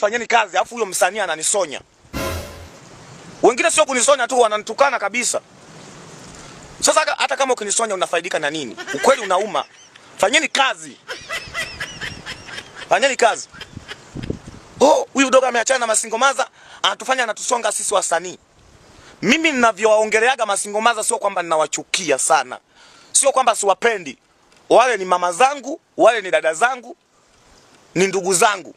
fanyeni kazi, alafu huyo msanii ananisonya. Wengine sio kunisonya tu, wananitukana kabisa. Sasa hata kama ukinisonya unafaidika na nini? Ukweli unauma. Fanyeni kazi, fanyeni kazi. Oh, huyu dogo ameachana na Masingomaza, anatufanya anatusonga sisi wasanii. Mimi ninavyowaongeleaga Masingomaza sio kwamba ninawachukia sana, sio kwamba siwapendi. Wale ni mama zangu, wale ni dada zangu, ni ndugu zangu.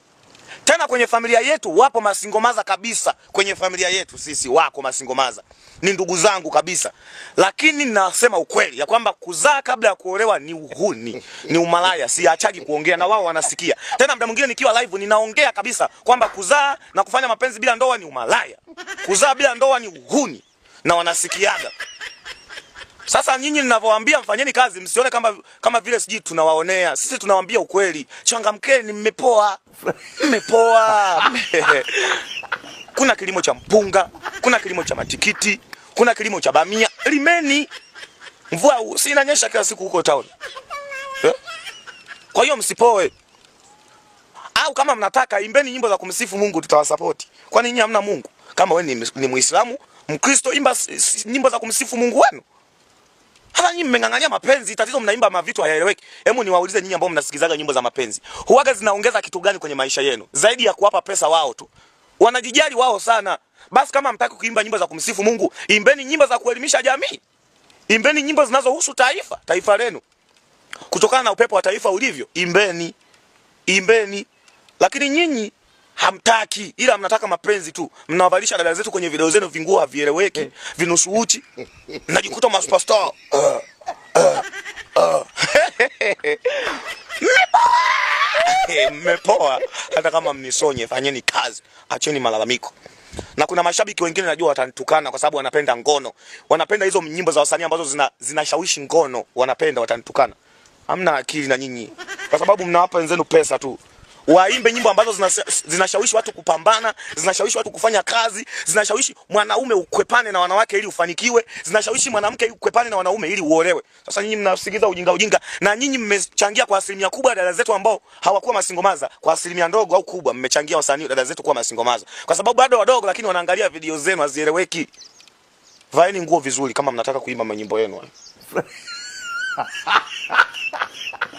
Tena kwenye familia yetu wapo masingomaza kabisa, kwenye familia yetu sisi wako masingomaza, ni ndugu zangu kabisa, lakini nasema ukweli ya kwamba kuzaa kabla ya kuolewa ni uhuni, ni umalaya. Siachagi kuongea na wao wanasikia. Tena mda mwingine nikiwa live ninaongea kabisa kwamba kuzaa na kufanya mapenzi bila ndoa ni umalaya, kuzaa bila ndoa ni uhuni, na wanasikiaga. Sasa nyinyi ninavyowaambia mfanyeni kazi, msione kama kama vile sijui tunawaonea. Sisi tunawaambia ukweli, changamkeni, mmepoa, mmepoa. kuna kilimo cha mpunga, kuna kilimo cha matikiti, kuna kilimo cha bamia. Limeni, mvua si inanyesha kila siku huko town eh? Kwa hiyo msipoe, au kama mnataka imbeni nyimbo za kumsifu Mungu, tutawasapoti. Kwani nyinyi hamna Mungu? Kama wewe ni, ni Muislamu Mkristo, imba nyimbo za kumsifu Mungu wenu. Sasa nyinyi mmeng'ang'ania mapenzi, tatizo mnaimba mavitu hayaeleweki. Hebu niwaulize nyinyi ambao mnasikizaga nyimbo za mapenzi, huaga zinaongeza kitu gani kwenye maisha yenu zaidi ya kuwapa pesa wao tu? Wanajijali wao sana. Basi kama mtaki kuimba nyimbo za kumsifu Mungu, imbeni nyimbo za kuelimisha jamii, imbeni nyimbo zinazohusu taifa, taifa lenu, kutokana na upepo wa taifa ulivyo, imbeni, imbeni. Lakini nyinyi hamtaki, ila mnataka mapenzi tu. Mnawavalisha dada zetu kwenye video zenu vinguo havieleweki, eh. vinusu uchi, mnajikuta masuperstar. Eh, eh, eh. Mmepoa hata kama mnisonye, fanyeni kazi, acheni malalamiko. Na kuna mashabiki wengine najua watanitukana kwa sababu wanapenda ngono, wanapenda hizo nyimbo za wasanii ambazo zina zinashawishi ngono, wanapenda watanitukana. Hamna akili na nyinyi, kwa sababu mnawapa wenzenu pesa tu waimbe nyimbo ambazo zinashawishi watu kupambana, zinashawishi watu kufanya kazi, zinashawishi mwanaume ukwepane na wanawake ili ufanikiwe, zinashawishi mwanamke ukwepane na wanaume ili uolewe. Sasa nyinyi mnasikiliza ujinga ujinga, na nyinyi mmechangia kwa asilimia kubwa dada zetu ambao hawakuwa masingomaza, kwa asilimia ndogo au kubwa mmechangia wasanii dada zetu kuwa masingomaza, kwa sababu bado wadogo, lakini wanaangalia video zenu hazieleweki. Vaeni nguo vizuri kama mnataka kuimba manyimbo yenu.